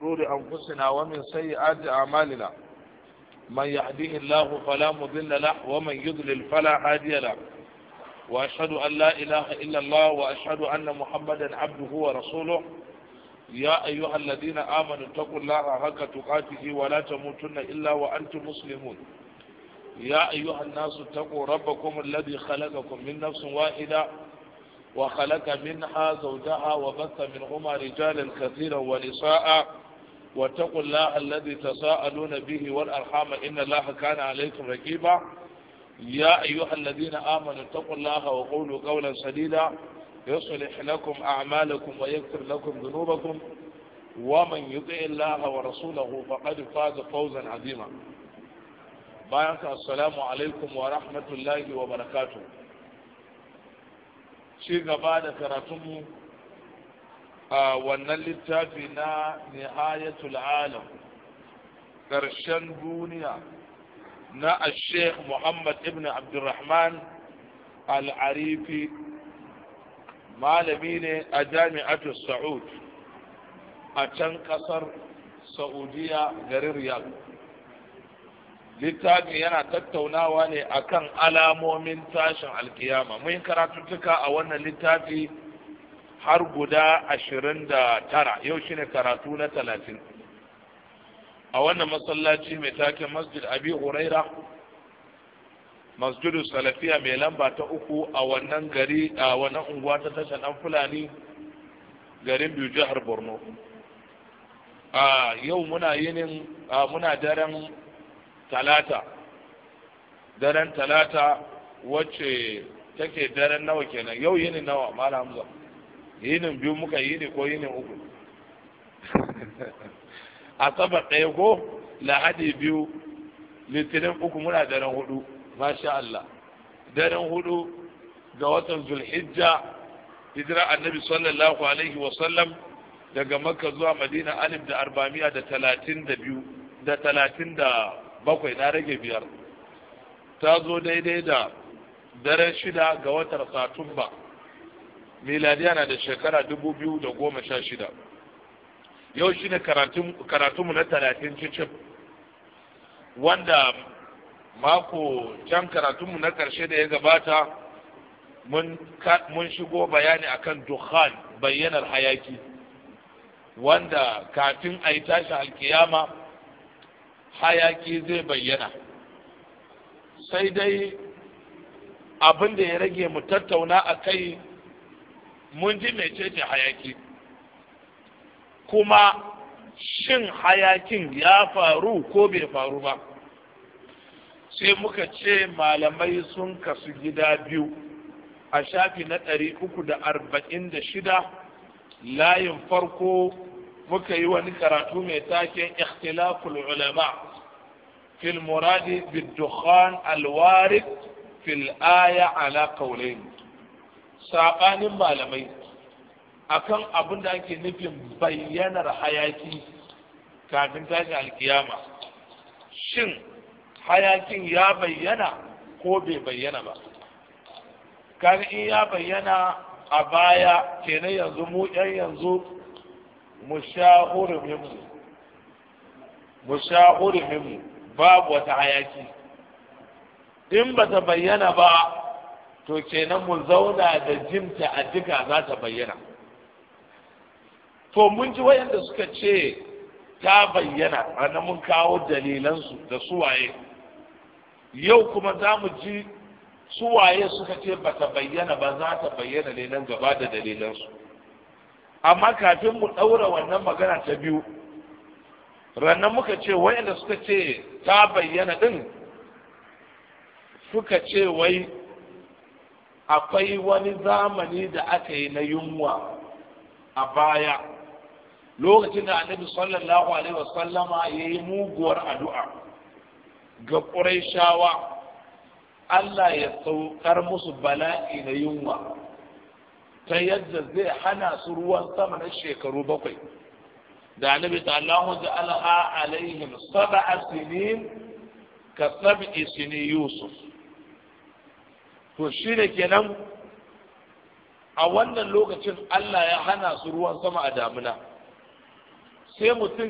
شرور أنفسنا ومن سيئات أعمالنا من يهديه الله فلا مضل له ومن يضلل فلا هادي له وأشهد أن لا إله إلا الله وأشهد أن محمدا عبده ورسوله يا أيها الذين آمنوا اتقوا الله حق تقاته ولا تموتن إلا وأنتم مسلمون يا أيها الناس اتقوا ربكم الذي خلقكم من نفس واحدة وخلق منها زوجها وبث منهما رجالا كثيرا ونساء واتقوا الله الذي تساءلون به والأرحام إن الله كان عليكم رقيبا يا أيها الذين آمنوا اتقوا الله وقولوا قولا سديدا يصلح لكم أعمالكم ويغفر لكم ذنوبكم ومن يطع الله ورسوله فقد فاز فوزا عظيما بارك السلام عليكم ورحمة الله وبركاته شيء بعد كراتمه wannan littafi na nihayatul alam ƙarshen duniya na sheikh muhammad ibn abdurrahman al-arifi malami ne a jami'atu sa'ud a can ƙasar saudiya garin riyal littafin yana tattaunawa ne akan alamomin tashin alkiyama mun karatuttuka a wannan littafi har guda ashirin da tara yau shine karatu na talatin a wannan masallaci mai taken masjid abi huraira masjidu salafiya mai lamba ta uku a wannan gari a wannan unguwa ta tashar dan fulani garin biyu jihar borno a yau muna yinin muna daren talata daren talata wacce take daren nawa kenan yau yinin nawa malam hamza yinin biyu muka yi ne ko yinin uku saba ɗaya ko lahadi biyu litinin uku muna daren hudu masha Allah daren hudu ga watan zulhijja hijira annabi sallallahu alaihi wa sallam daga makka zuwa madina alif da arba'amiya da talatin da biyu da talatin da bakwai na rage biyar ta zo daidai da daren shida ga watan satumba miladiya na da shekara dubu biyu da goma sha shida yau shi ne karatunmu na talatin cicin wanda mako can karatunmu na ƙarshe da ya gabata mun shigo bayani akan dukhan bayyanar hayaki wanda kafin a yi tashi alkiyama hayaki zai bayyana sai dai abinda ya rage mu tattauna a kai mun ji mecece hayaki kuma shin hayakin ya faru ko bai faru ba sai muka ce malamai sun kasu gida biyu a shafi na ɗari uku da arba'in da shida layin farko muka yi wani karatu mai taken ikhtilaful ulama fil muradi bid dukhan fil aya ala qawlayn saɓanin malamai akan abin da ake nufin bayyanar hayaki kafin tashi alkiyama shin hayakin ya bayyana ko bai bayyana ba kan in ya bayyana a baya kenan yanzu mu yan yanzu mu mushahuruminmu mu, babu wata hayaki in ba ta bayyana ba to kenan mu zauna da jimta a duka za ta bayyana to mun ji wayanda suka ce ta bayyana ana mun kawo dalilansu da suwaye yau kuma za mu ji suwaye suka ce ba ta bayyana ba za ta bayyana ne nan gaba da dalilansu amma kafin mu ɗaura wannan magana ta biyu rannan muka ce wayanda suka ce ta bayyana ɗin suka ce wai akwai wani zamani da aka yi na yunwa a baya lokacin da annabi sallallahu alaihi wasallama ya yi muguwar addu'a ga ƙuraishawa Allah ya saukar musu bala'i na yunwa ta yadda zai hana su ruwan sama na shekaru bakwai da annabi ta Allahu ja'ala alaihim sab'a sinin ka sab'i sini yusuf to shi ne kenan a wannan lokacin Allah ya hana su ruwan sama a damina sai mutum